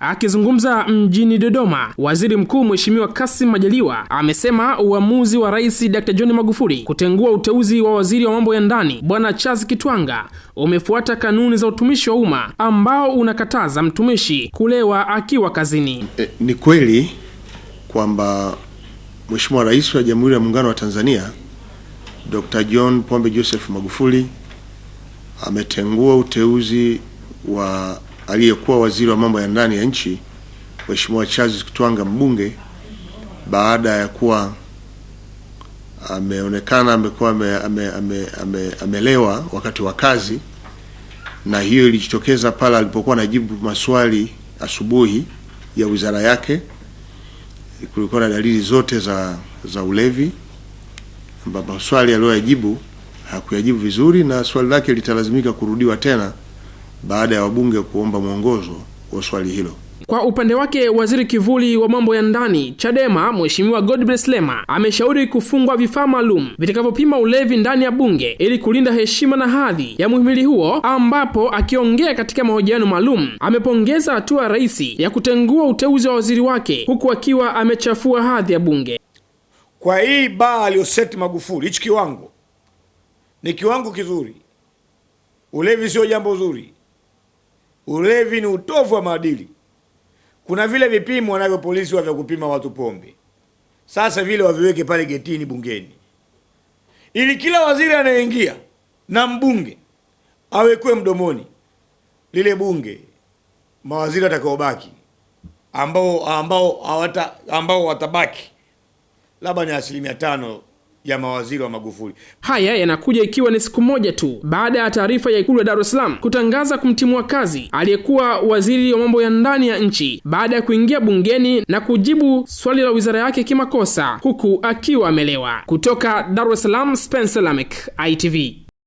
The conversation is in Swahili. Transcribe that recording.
Akizungumza mjini Dodoma, Waziri Mkuu Mheshimiwa Kassim Majaliwa amesema uamuzi wa Rais Dr. John Magufuli kutengua uteuzi wa waziri wa mambo ya ndani Bwana Charles Kitwanga umefuata kanuni za utumishi wa umma ambao unakataza mtumishi kulewa akiwa kazini. E, ni kweli kwamba Mheshimiwa Rais wa Jamhuri ya Muungano wa Tanzania Dr. John Pombe Joseph Magufuli ametengua uteuzi wa aliyekuwa waziri wa mambo ya ndani ya nchi Mheshimiwa Charles Kitwanga mbunge, baada ya kuwa ameonekana amekuwa amelewa ame, ame, ame wakati wa kazi, na hiyo ilijitokeza pale alipokuwa anajibu maswali asubuhi ya wizara yake. Kulikuwa na dalili zote za, za ulevi ambapo maswali aliyoyajibu hakuyajibu vizuri na swali lake litalazimika kurudiwa tena baada ya wabunge kuomba mwongozo wa swali hilo. Kwa upande wake waziri kivuli wa mambo ya ndani Chadema Mheshimiwa Godbless Lema ameshauri kufungwa vifaa maalum vitakavyopima ulevi ndani ya bunge ili kulinda heshima na hadhi ya muhimili huo, ambapo akiongea katika mahojiano maalum amepongeza hatua raisi rais ya kutengua uteuzi wa waziri wake huku akiwa amechafua hadhi ya bunge. Kwa hii baa aliyoseti Magufuli, hichi kiwango ni kiwango kizuri. Ulevi sio jambo zuri Ulevi ni utovu wa maadili. Kuna vile vipimo wanavyo polisi wa vya kupima watu pombe, sasa vile waviweke pale getini bungeni, ili kila waziri anayeingia na mbunge awekwe mdomoni lile bunge, mawaziri watakaobaki ambao ambao hawata ambao watabaki labda ni asilimia tano ya mawaziri wa Magufuli. Haya yanakuja ikiwa ni siku moja tu baada ya taarifa ya Ikulu ya Dar es Salaam kutangaza kumtimua kazi aliyekuwa waziri wa mambo ya ndani ya nchi baada ya kuingia bungeni na kujibu swali la wizara yake kimakosa huku akiwa amelewa. Kutoka Dar es Salaam, Spencer Lamek, ITV.